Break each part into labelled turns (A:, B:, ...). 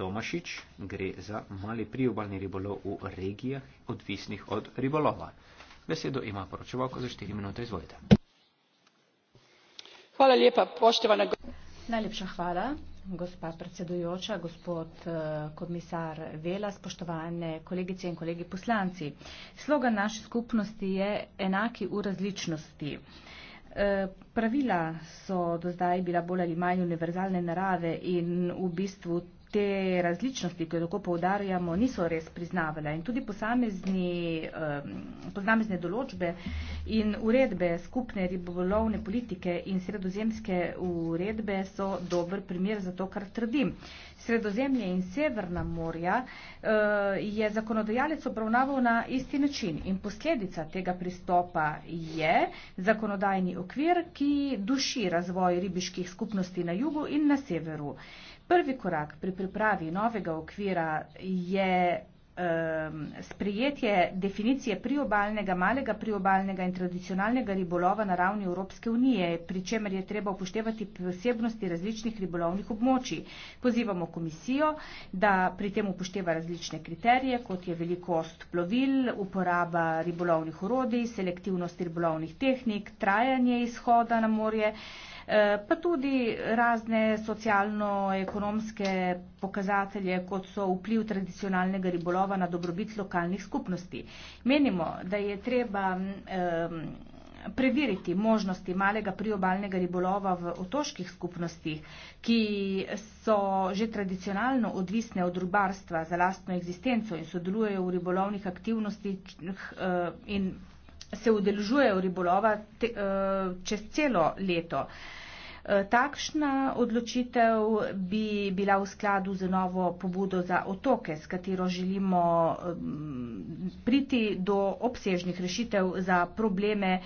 A: Tomašič gre za mali priobalni ribolov v regijah, odvisnih od ribolova. Besedo ima poročevalko za 4 minute, izvolite.
B: Hvala lepa, poštovana. Najlepša hvala, gospa predsedujoča, gospod eh, komisar Vela, spoštovane kolegice in kolegi poslanci. Slogan naše skupnosti je enaki v različnosti. Eh, pravila so do zdaj bila bolj ali manj univerzalne narave in v bistvu te različnosti, ki jo tako povdarjamo, niso res priznavale. In tudi posamezni, posamezne določbe in uredbe skupne ribolovne politike in sredozemske uredbe so dober primer za to, kar trdim. Sredozemlje in Severna morja eh, je zakonodajalec obravnaval na isti način in posledica tega pristopa je zakonodajni okvir, ki duši razvoj ribiških skupnosti na jugu in na severu prvi korak pri pripravi novega okvira je ehm, sprejetje definicije priobalnega, malega priobalnega in tradicionalnega ribolova na ravni Evropske unije, pri čemer je treba upoštevati posebnosti različnih ribolovnih območij. Pozivamo komisijo, da pri tem upošteva različne kriterije, kot je velikost plovil, uporaba ribolovnih urodij, selektivnost ribolovnih tehnik, trajanje izhoda na morje. Eh, pa tudi razne socialno-ekonomske pokazatelje, kot so vpliv tradicionalnega ribolova na dobrobit lokalnih skupnosti. Menimo, da je treba preveriti možnosti malega priobalnega ribolova v otoških skupnostih, ki so že tradicionalno odvisne od rubarstva za lastno eksistenco in sodelujejo v ribolovnih aktivnostih eh, in se udeležujejo ribolova te, uh, čez celo leto. Eh, takšna odločitev bi bila v skladu z novo pobudo za otoke, s katero želimo eh, priti do obsežnih rešitev za probleme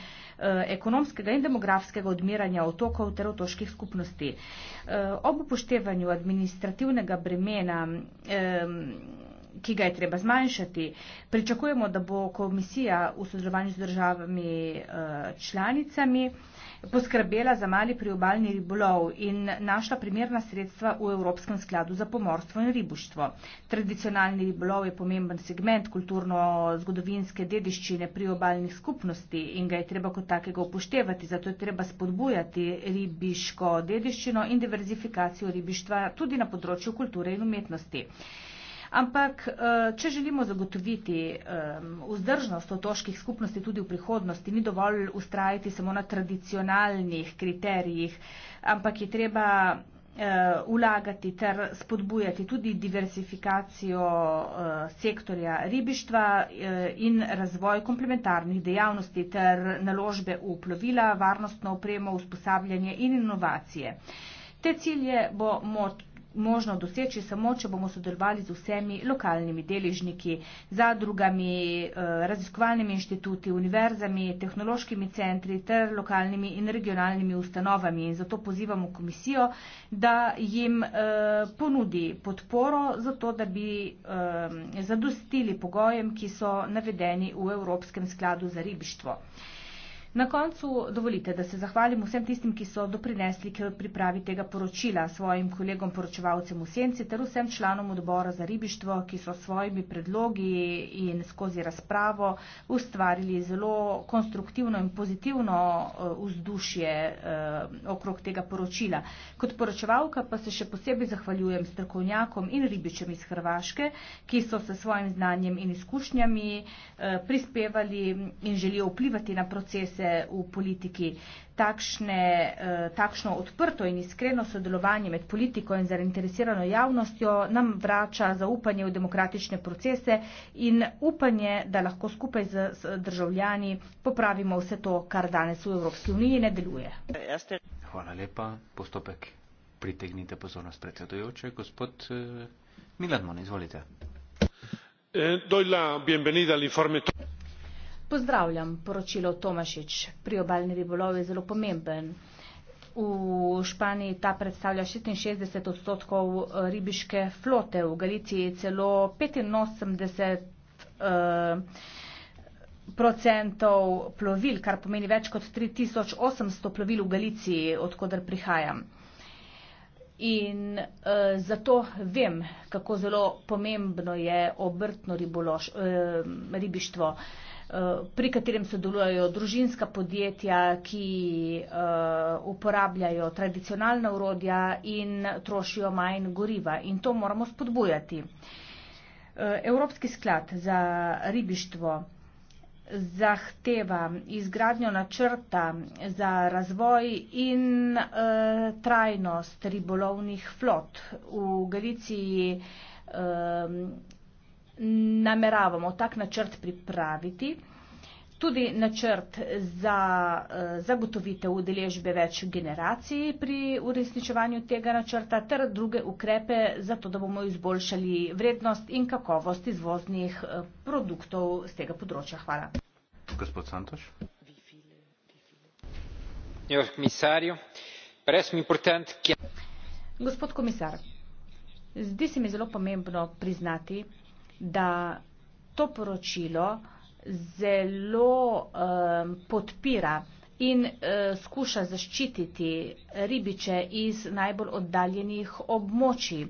B: ekonomskega in demografskega odmiranja otokov ter otoških skupnosti. Ob upoštevanju administrativnega bremena ki ga je treba zmanjšati. Pričakujemo, da bo komisija v sodelovanju z državami eh, članicami poskrbela za mali priobalni ribolov in našla primerna sredstva v Evropskem skladu za pomorstvo in ribuštvo. Tradicionalni ribolov je pomemben segment kulturno-zgodovinske dediščine priobalnih skupnosti in ga je treba kot takega upoštevati, zato je treba spodbujati ribiško dediščino in diverzifikacijo ribištva tudi na področju kulture in umetnosti. Ampak, eh, če želimo zagotoviti vzdržnost otoških skupnosti tudi v prihodnosti, ni dovolj ustrajati samo na tradicionalnih kriterijih, ampak je treba eh, vlagati ter spodbujati tudi diversifikacijo eh, sektorja ribištva in razvoj komplementarnih dejavnosti ter naložbe v plovila, varnostno opremo, usposabljanje in inovacije. Te cilje bo moč možno doseči samo, če bomo sodelovali z vsemi lokalnimi deležniki, zadrugami, eh, raziskovalnimi inštituti, univerzami, tehnološkimi centri ter lokalnimi in regionalnimi ustanovami. In zato pozivamo komisijo, da jim eh, ponudi podporo za to, da bi eh, zadostili pogojem, ki so navedeni v Evropskem skladu za ribištvo. Na koncu dovolite, da se zahvalim vsem tistim, ki so doprinesli k pripravi tega poročila, svojim kolegom poročevalcem v Senci ter vsem članom odbora za ribištvo, ki so svojimi predlogi in skozi razpravo ustvarili zelo konstruktivno in pozitivno eh, vzdušje eh, okrog tega poročila. Kot poročevalka pa se še posebej zahvaljujem strokovnjakom in ribičem iz Hrvaške, ki so se svojim znanjem in izkušnjami eh, prispevali in želijo vplivati na procese vidite v politiki takšne, eh, takšno odprto in iskreno sodelovanje med politiko in zainteresirano javnostjo, nam vrača zaupanje v demokratične procese in upanje, da lahko skupaj z državljani popravimo vse to, kar danes v Evropski uniji ne deluje.
A: Hvala lepa. Postopek pritegnite pozornost predsedujoče. Gospod eh, Milan Mon, izvolite. Eh,
B: Pozdravljam poročilo Tomašič. Priobalni ribolov je zelo pomemben. V Španiji ta predstavlja 66 odstotkov eh, ribiške flote, v Galiciji celo 85 eh, odstotkov plovil, kar pomeni več kot 3800 plovil v Galiciji, odkudar prihajam. In uh, zato vem, kako zelo pomembno je obrtno ribolož, uh, eh, ribištvo, uh, pri katerem sodelujejo družinska podjetja, ki uh, uporabljajo tradicionalna urodja in trošijo manj goriva. In to moramo spodbujati. Uh, Evropski sklad za ribištvo zahteva izgradnjo načrta za razvoj in e, trajnost ribolovnih flot. V Galiciji e, nameravamo tak načrt pripraviti. Tudi načrt za eh, zagotovitev udeležbe več generacij pri uresničevanju tega načrta ter druge ukrepe za to, da bomo izboljšali vrednost in kakovost izvoznih eh, produktov z tega področja. Hvala.
A: Gospod Santoš.
B: Gospod komisar, zdi se mi zelo pomembno priznati, da to poročilo zelo um, podpira in uh, skuša zaščititi ribiče iz najbolj oddaljenih območij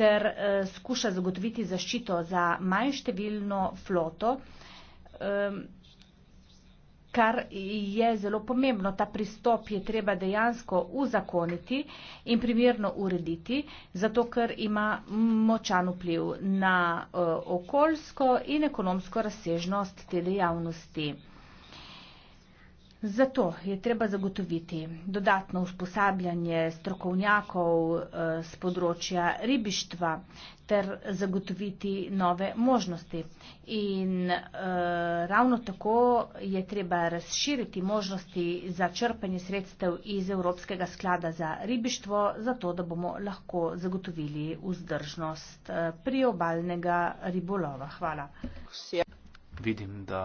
B: ter uh, skuša zagotoviti zaščito za manjštevilno floto. Um, kar je zelo pomembno. Ta pristop je treba dejansko uzakoniti in primerno urediti, zato ker ima močan vpliv na eh, okoljsko in ekonomsko razsežnost te dejavnosti. Zato je treba zagotoviti dodatno usposabljanje strokovnjakov z eh, področja ribištva ter zagotoviti nove možnosti. In eh, ravno tako je treba razširiti možnosti za črpanje sredstev iz Evropskega sklada za ribištvo, zato da bomo lahko zagotovili vzdržnost eh, priobalnega ribolova. Hvala.
A: Vidim, da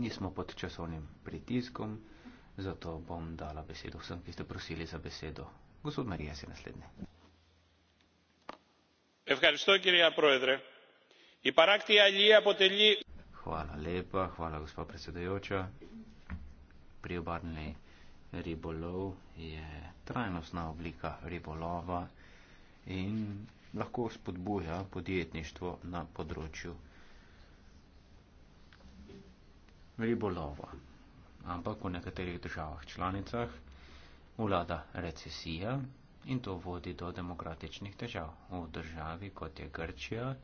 A: nismo pod časovnim pritiskom, zato bom dala besedo vsem, ki ste prosili za besedo. Gospod Marija, si naslednji. Hvala lepa, hvala gospod predsedajoča. Priobarni ribolov je trajnostna oblika ribolova in lahko spodbuja podjetništvo na področju ribolova. Ampak v nekaterih državah članicah vlada recesija in to vodi do demokratičnih težav. V državi kot je Grčija,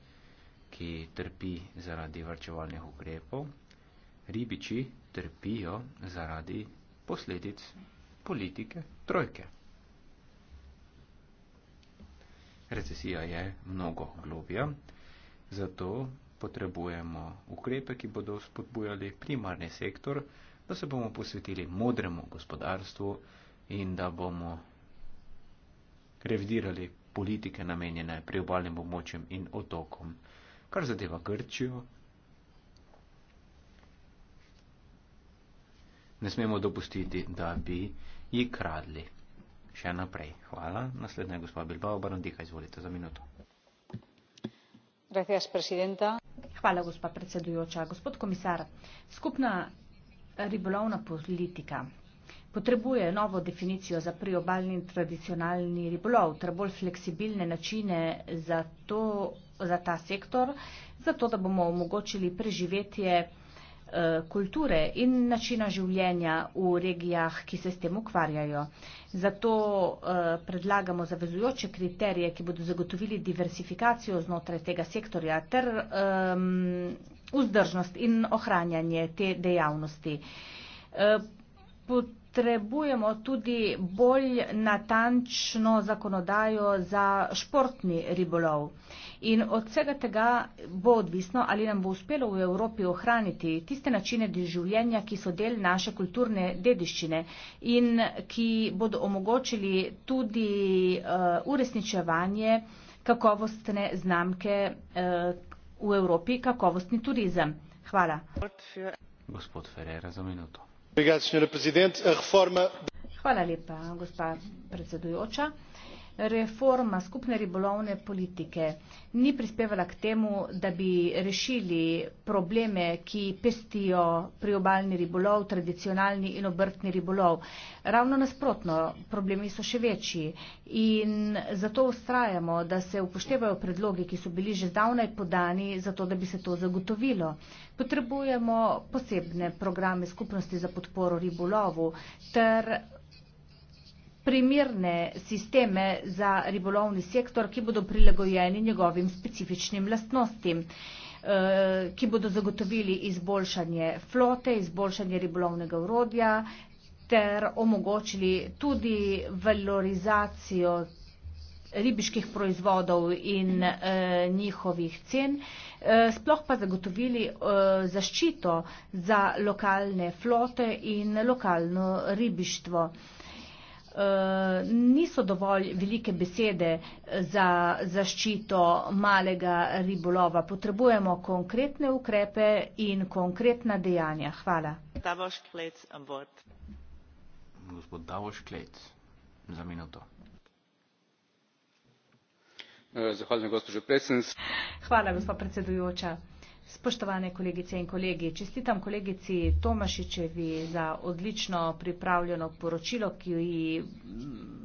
A: ki trpi zaradi vrčevalnih ukrepov, ribiči trpijo zaradi posledic politike trojke. Recesija je mnogo globja, zato potrebujemo ukrepe, ki bodo spodbujali primarni sektor, da se bomo posvetili modremu gospodarstvu in da bomo revidirali politike namenjene priobalnim območjem in otokom. Kar zadeva Grčijo, ne smemo dopustiti, da bi ji kradli. Še naprej. Hvala. Naslednja je gospod Bilbao, Barandika, izvolite za minuto.
B: Gracias, presidenta. Hvala, gospa predsedujoča. Gospod komisar, skupna ribolovna politika potrebuje novo definicijo za priobalni in tradicionalni ribolov ter bolj fleksibilne načine za, to, za ta sektor, zato da bomo omogočili preživetje Eh, kulture in načina življenja v regijah, ki se s tem ukvarjajo. Zato eh, predlagamo zavezujoče kriterije, ki bodo zagotovili diversifikacijo znotraj tega sektorja ter um, vzdržnost in ohranjanje te dejavnosti. Eh, pot potrebujemo tudi bolj natančno zakonodajo za športni ribolov. In od vsega tega bo odvisno, ali nam bo uspelo v Evropi ohraniti tiste načine življenja, ki so del naše kulturne dediščine in ki bodo omogočili tudi uh, uresničevanje kakovostne znamke uh, v Evropi, kakovostni turizem. Hvala.
A: Gospod Ferreira za minuto
B: hvala lepa gospa predsedujoča reforma skupne ribolovne politike ni prispevala k temu, da bi rešili probleme, ki pestijo priobalni ribolov, tradicionalni in obrtni ribolov. Ravno nasprotno, problemi so še večji in zato ustrajamo, da se upoštevajo predloge, ki so bili že zdavnaj podani, zato da bi se to zagotovilo. Potrebujemo posebne programe skupnosti za podporo ribolovu ter primirne sisteme za ribolovni sektor, ki bodo prilagojeni njegovim specifičnim lastnostim, eh, ki bodo zagotovili izboljšanje flote, izboljšanje ribolovnega urodja ter omogočili tudi valorizacijo ribiških proizvodov in e, njihovih cen, e, sploh pa zagotovili e, zaščito za lokalne flote in lokalno ribištvo. E, Eh, niso dovolj velike besede za zaščito malega ribolova. Potrebujemo konkretne ukrepe in konkretna dejanja. Hvala.
A: Gospod Davoš Klejc, za minuto. Eh, zahvaljujem, gospod predsednik.
B: Hvala, gospod predsedujoča. Spoštovane kolegice in kolegi, čestitam kolegici Tomašičevi za odlično pripravljeno poročilo, ji,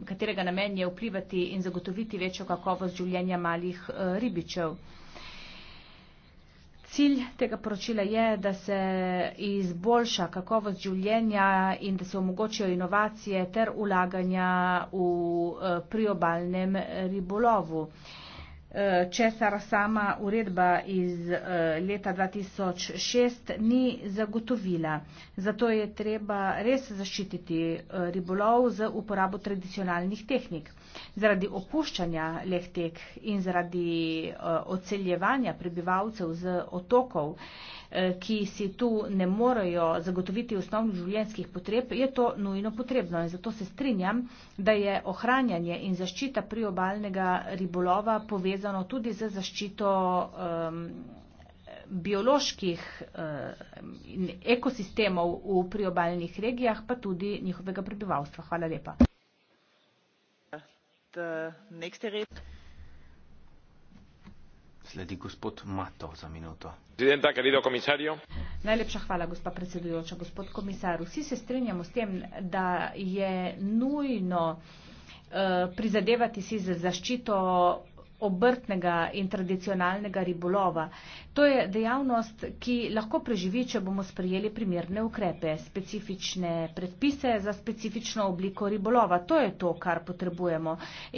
B: katerega namen je vplivati in zagotoviti večjo kakovost življenja malih eh, ribičev. Cilj tega poročila je, da se izboljša kakovost življenja in da se omogočijo inovacije ter ulaganja v eh, priobalnem ribolovu. Eh, česar sama uredba iz eh, leta 2006 ni zagotovila. Zato je treba res zaščititi eh, ribolov z uporabo tradicionalnih tehnik. Zaradi opuščanja lehtek in zaradi uh, odseljevanja prebivalcev z otokov, uh, ki si tu ne morejo zagotoviti osnovnih življenjskih potreb, je to nujno potrebno. In zato se strinjam, da je ohranjanje in zaščita priobalnega ribolova povezano tudi z zaščito. Um, bioloških eh, ekosistemov v priobaljnih regijah, pa tudi njihovega prebivalstva. Hvala lepa. Eh, Najlepša hvala, gospa predsedujoča. Gospod komisar, vsi se strinjamo s tem, da je nujno eh, prizadevati si za zaščito obrtnega in tradicionalnega ribolova. To je dejavnost, ki lahko preživi, če bomo sprejeli primerne ukrepe, specifične predpise za specifično obliko ribolova. To je to, kar potrebujemo.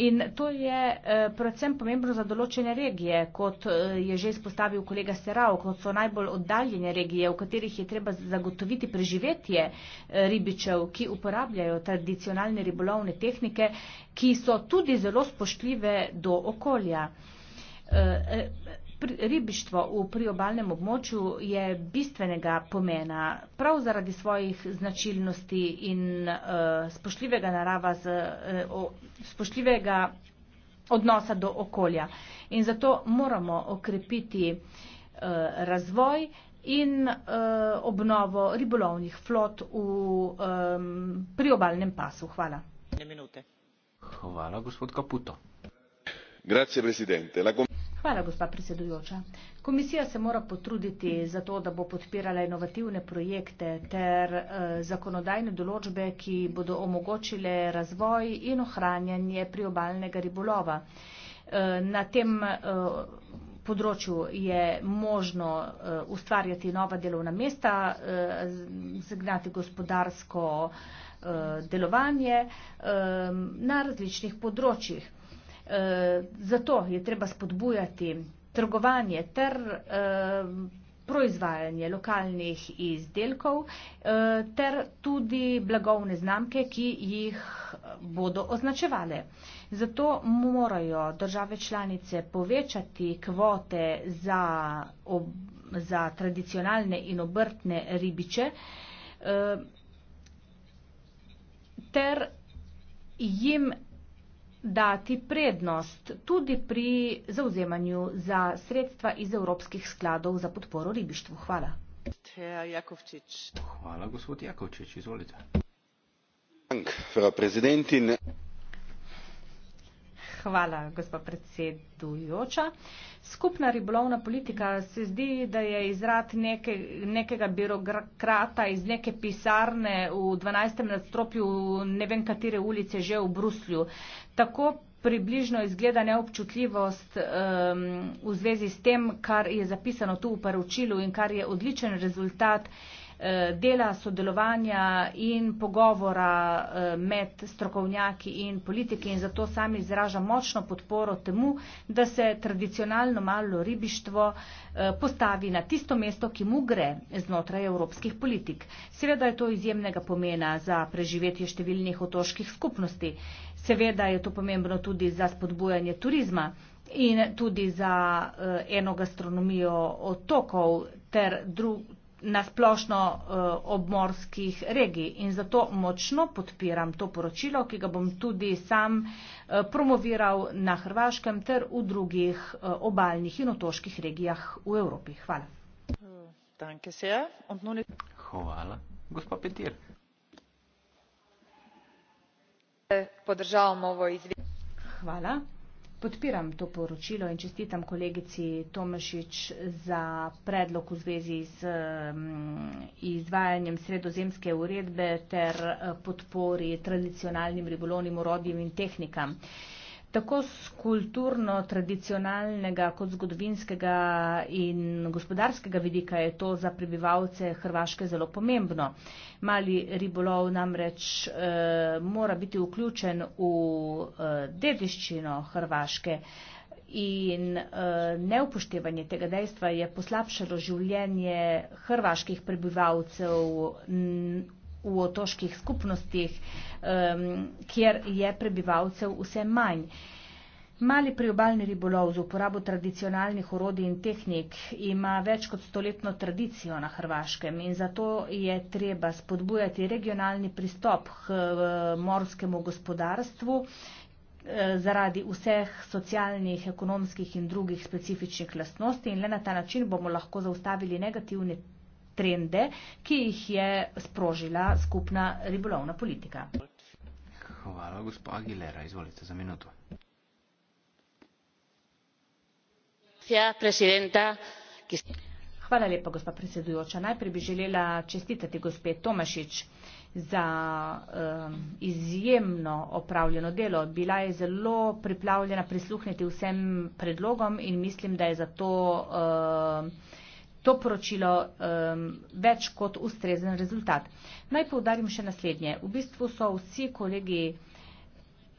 B: In to je eh, predvsem pomembno za določene regije, kot eh, je že izpostavil kolega Serav, kot so najbolj oddaljene regije, v katerih je treba zagotoviti preživetje eh, ribičev, ki uporabljajo tradicionalne ribolovne tehnike, ki so tudi zelo spoštljive do okolja ribištvo v priobalnem območju je bistvenega pomena prav zaradi svojih značilnosti in uh, spoštljivega narava, z, uh, spoštljivega odnosa do okolja. In zato moramo okrepiti uh, razvoj in uh, obnovo ribolovnih flot v um, priobalnem pasu. Hvala.
A: Hvala, gospod Kaputo. Grazie,
B: Hvala, gospa predsedujoča. Komisija se mora potruditi za to, da bo podpirala inovativne projekte ter eh, zakonodajne določbe, ki bodo omogočile razvoj in ohranjanje priobalnega ribolova. Eh, na tem eh, področju je možno eh, ustvarjati nova delovna mesta, eh, zagnati gospodarsko eh, delovanje eh, na različnih področjih. Eh, zato je treba spodbujati trgovanje ter eh, proizvajanje lokalnih izdelkov eh, ter tudi blagovne znamke, ki jih bodo označevale. Zato morajo države članice povečati kvote za, ob, za tradicionalne in obrtne ribiče ter jim dati prednost tudi pri zauzemanju za sredstva iz evropskih skladov za podporo ribištvu. Hvala.
A: Hvala, gospod Jakovčič. Izvolite. Frau Präsidentin.
B: Hvala, gospod predsedujoča. Skupna ribolovna politika se zdi, da je izrad neke, nekega birokrata iz neke pisarne v 12. nadstropju ne vem katere ulice že v Bruslju. Tako približno izgleda neobčutljivost um, v zvezi s tem, kar je zapisano tu v poročilu in kar je odličen rezultat Eh, dela, sodelovanja in pogovora eh, med strokovnjaki in politiki in zato sami izražam močno podporo temu, da se tradicionalno malo ribištvo eh, postavi na tisto mesto, ki mu gre znotraj evropskih politik. Seveda je to izjemnega pomena za preživetje številnih otoških skupnosti. Seveda je to pomembno tudi za spodbujanje turizma in tudi za eno gastronomijo otokov ter drugih na splošno eh, obmorskih regij. In zato močno podpiram to poročilo, ki ga bom tudi sam eh, promoviral na Hrvaškem ter v drugih eh, obaljnih in otoških regijah v Evropi. Hvala.
A: Hvala. Gospod Petir.
B: Hvala podpiram to poročilo in čestitam kolegici Tomašič za predlog v zvezi z mm, izvajanjem sredozemske uredbe ter eh, podpori tradicionalnim ribolovnim urodjem in tehnikam tako z kulturno tradicionalnega kot zgodovinskega in gospodarskega vidika je to za prebivalce Hrvaške zelo pomembno. Mali ribolov namreč e, mora biti vključen v e, dediščino Hrvaške in e, neupoštevanje tega dejstva je poslabšalo življenje hrvaških prebivalcev. N, v otoških skupnostih, um, kjer je prebivalcev vse manj. Mali priobalni ribolov z uporabo tradicionalnih orodij in tehnik ima več kot stoletno tradicijo na Hrvaškem in zato je treba spodbujati regionalni pristop k morskemu gospodarstvu eh, zaradi vseh socialnih, ekonomskih in drugih specifičnih lastnosti in le na ta način bomo lahko zaustavili negativne trende, ki jih je sprožila skupna ribolovna politika.
A: Hvala, gospa Aguilera. Izvolite za minuto.
B: Hvala lepa, gospa predsedujoča. Najprej bi želela čestitati gospe Tomašič za um, izjemno opravljeno delo. Bila je zelo pripravljena prisluhniti vsem predlogom in mislim, da je zato. Um, to poročilo um, več kot ustrezen rezultat. Naj povdarim še naslednje. V bistvu so vsi kolegi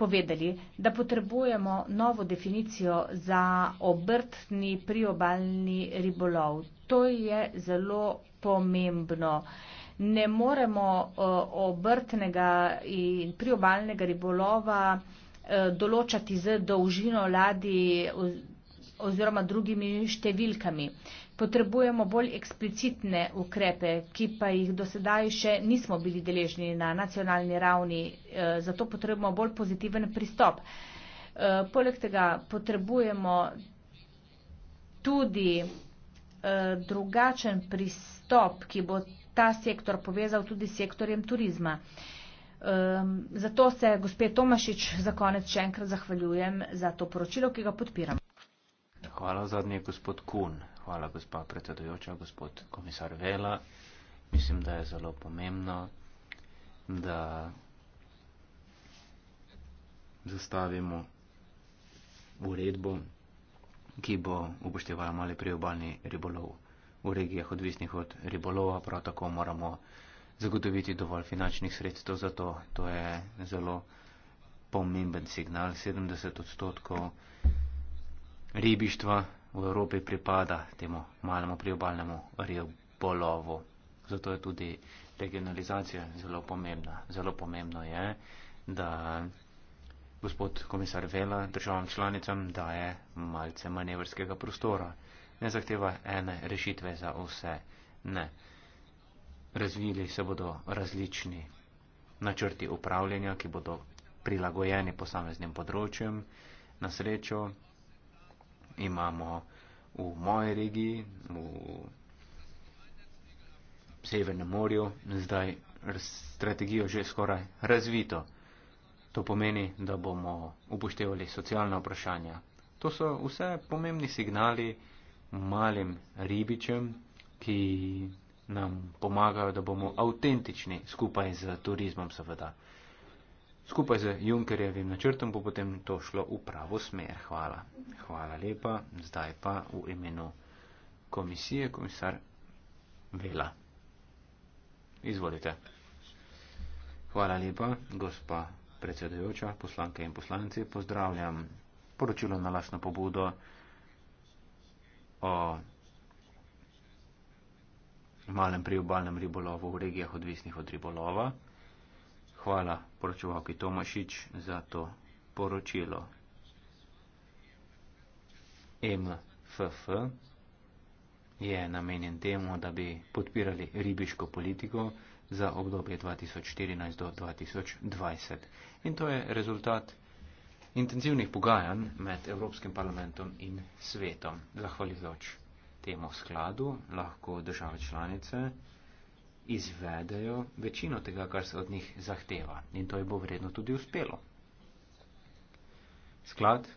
B: povedali, da potrebujemo novo definicijo za obrtni priobalni ribolov. To je zelo pomembno. Ne moremo uh, obrtnega in priobalnega ribolova uh, določati z dolžino ladi oziroma drugimi številkami. Uh, Potrebujemo bolj eksplicitne ukrepe, ki pa jih do sedaj še nismo bili deležni na nacionalni ravni, eh, zato potrebujemo bolj pozitiven pristop. Eh, poleg tega potrebujemo tudi eh, drugačen pristop, ki bo ta sektor povezal tudi s sektorjem turizma. Ehm, zato se gospe Tomašič za konec še enkrat zahvaljujem za to poročilo, ki ga podpiram.
A: Hvala zadnje, gospod Kun. Hvala, gospa predsedujoča, gospod komisar Vela. Mislim, da je zelo pomembno, da zastavimo uredbo, ki bo upoštevala mali priobalni ribolov v regijah odvisnih od ribolova. Prav tako moramo zagotoviti dovolj finančnih sredstev za to. To je zelo pomemben signal. 70 odstotkov ribištva v Evropi pripada temu malemu priobalnemu ribolovu. Zato je tudi regionalizacija zelo pomembna. Zelo pomembno je, da gospod komisar Vela državam članicam daje malce manevrskega prostora. Ne zahteva ene rešitve za vse. Ne. Razvili se bodo različni načrti upravljanja, ki bodo prilagojeni posameznim področjem. Na srečo imamo v moji regiji, v Severnem morju, zdaj strategijo že skoraj razvito. To pomeni, da bomo upoštevali socialna vprašanja. To so vse pomembni signali malim ribičem, ki nam pomagajo, da bomo avtentični skupaj z turizmom, seveda. Skupaj z Junkerjevim načrtom bo potem to šlo v pravo smer. Hvala. Hvala lepa. Zdaj pa v imenu komisije komisar Vela. Izvolite. Hvala lepa, gospa predsedujoča, poslanke in poslanci. Pozdravljam poročilo na lasno pobudo o malem priobalnem ribolovu v regijah odvisnih od ribolova. Hvala poročevalki Tomašič za to poročilo. MFF je namenjen temu, da bi podpirali ribiško politiko za obdobje 2014 do 2020. In to je rezultat intenzivnih pogajanj med Evropskim parlamentom in svetom. Zahvaljujoč temu skladu lahko države članice izvedejo večino tega, kar se od njih zahteva. In to je bo vredno tudi uspelo. Sklad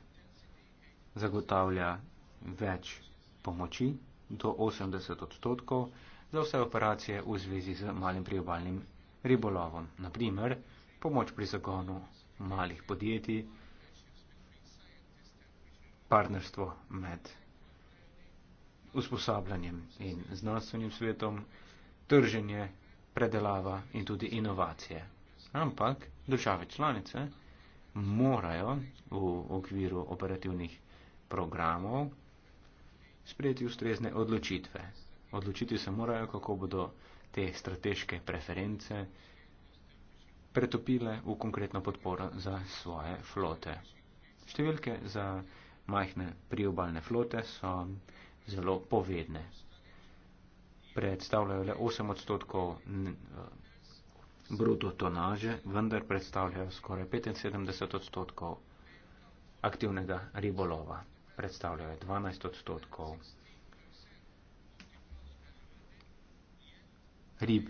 A: zagotavlja več pomoči do 80 odstotkov za vse operacije v zvezi z malim priobalnim ribolovom. Naprimer, pomoč pri zagonu malih podjetij, partnerstvo med usposabljanjem in znanstvenim svetom, trženje, predelava in tudi inovacije. Ampak države članice morajo v okviru operativnih programov sprejeti ustrezne odločitve. Odločiti se morajo, kako bodo te strateške preference pretopile v konkretno podporo za svoje flote. Številke za majhne priobalne flote so zelo povedne predstavljajo le 8 odstotkov eh, bruto tonaže, vendar predstavljajo skoraj 75 odstotkov aktivnega ribolova. Predstavljajo 12 odstotkov rib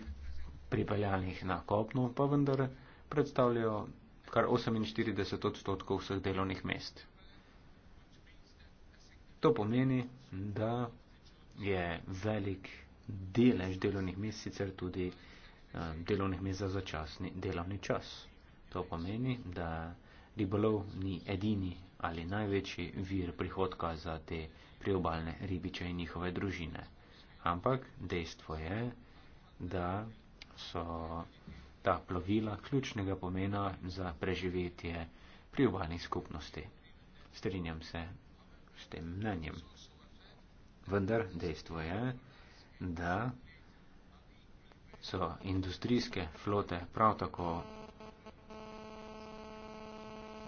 A: pripeljanih na kopno, pa vendar predstavljajo kar 48 odstotkov vseh delovnih mest. To pomeni, da je velik delež delovnih mest, sicer tudi um, delovnih mest za začasni delovni čas. To pomeni, da ribolov ni edini ali največji vir prihodka za te priobalne ribiče in njihove družine. Ampak dejstvo je, da so ta plovila ključnega pomena za preživetje priobalnih skupnosti. Strinjam se s tem mnenjem. Vendar dejstvo je, da so industrijske flote prav tako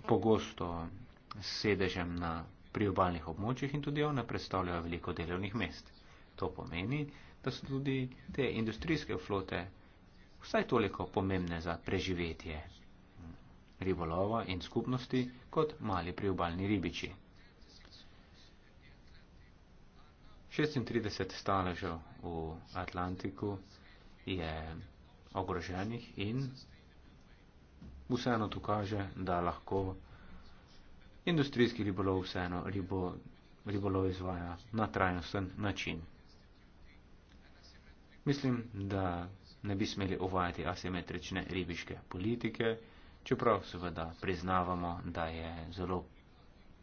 A: pogosto s sedežem na priobalnih območjih in tudi one predstavljajo veliko delovnih mest. To pomeni, da so tudi te industrijske flote vsaj toliko pomembne za preživetje ribolova in skupnosti kot mali priobalni ribiči. 36 staležev v Atlantiku je ogroženih in vseeno tu kaže, da lahko industrijski ribolov vseeno ribo, ribolov izvaja na trajnosten način. Mislim, da ne bi smeli uvajati asimetrične ribiške politike, čeprav seveda priznavamo, da je zelo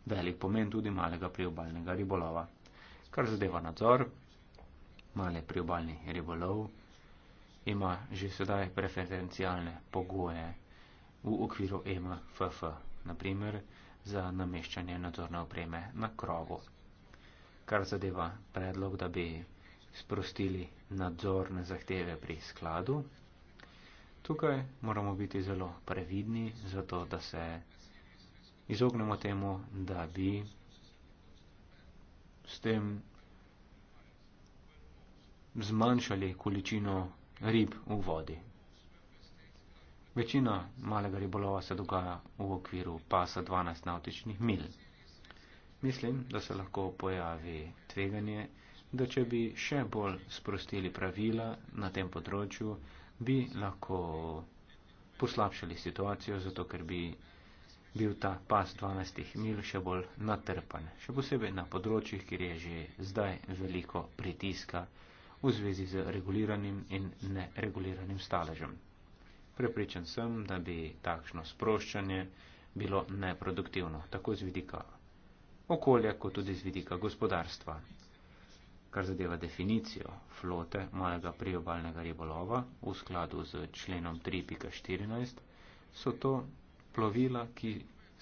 A: velik pomen tudi malega priobalnega ribolova. Kar zadeva nadzor, male priobalni ribolov ima že sedaj preferencialne pogoje v okviru e MFF, naprimer za nameščanje nadzorne opreme na krovu. Kar zadeva predlog, da bi sprostili nadzorne zahteve pri skladu. Tukaj moramo biti zelo previdni, zato da se izognemo temu, da bi s tem zmanjšali količino rib v vodi. Večina malega ribolova se dogaja v okviru pasa 12 nautičnih mil. Mislim, da se lahko pojavi tveganje, da če bi še bolj sprostili pravila na tem področju, bi lahko poslabšali situacijo, zato ker bi bil ta pas 12 mil še bolj natrpan, še posebej na področjih, kjer je že zdaj veliko pritiska v zvezi z reguliranim in nereguliranim staležem. Prepričan sem, da bi takšno sproščanje bilo neproduktivno, tako z vidika okolja, kot tudi z vidika gospodarstva. Kar zadeva definicijo flote malega priobalnega ribolova v skladu z členom 3.14, so to plovila, ki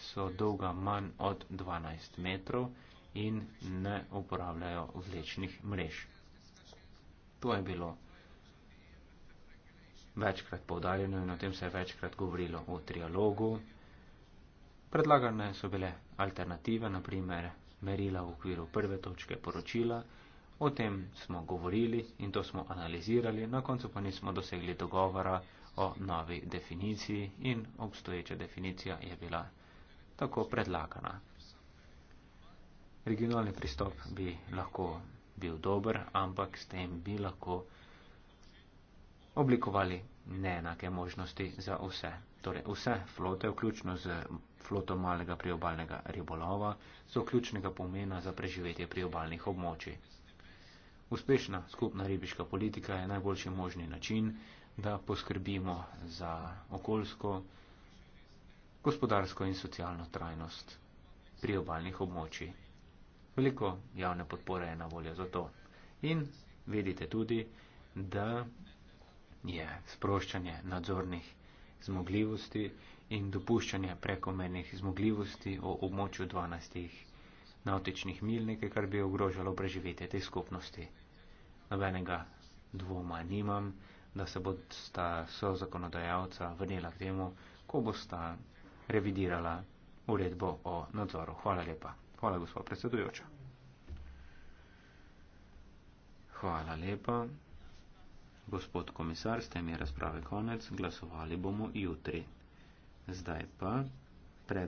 A: so dolga manj od 12 metrov in ne uporabljajo vlečnih mrež. To je bilo večkrat povdarjeno in o tem se je večkrat govorilo v trialogu. Predlagane so bile alternative, naprimer merila v okviru prve točke poročila. O tem smo govorili in to smo analizirali, na koncu pa nismo dosegli dogovora o novi definiciji in obstoječa definicija je bila tako predlagana. Regionalni pristop bi lahko bil dober, ampak s tem bi lahko oblikovali neenake možnosti za vse. Torej vse flote, vključno z floto malega priobalnega ribolova, so ključnega pomena za preživetje priobalnih območij. Uspešna skupna ribiška politika je najboljši možni način, da poskrbimo za okoljsko, gospodarsko in socialno trajnost pri obaljnih območjih. Veliko javne podpore je na voljo za to. In vedite tudi, da je sproščanje nadzornih zmogljivosti in dopuščanje prekomernih zmogljivosti v območju 12 nautičnih mil nekaj, kar bi ogrožalo preživetje te skupnosti. Nobenega dvoma nimam da se bo sta so zakonodajalca vrnila k temu, ko bo sta revidirala uredbo o nadzoru. Hvala lepa. Hvala, gospod predsedujoča. Hvala lepa. Gospod komisar, s tem je razprave konec. Glasovali bomo jutri. Zdaj pa.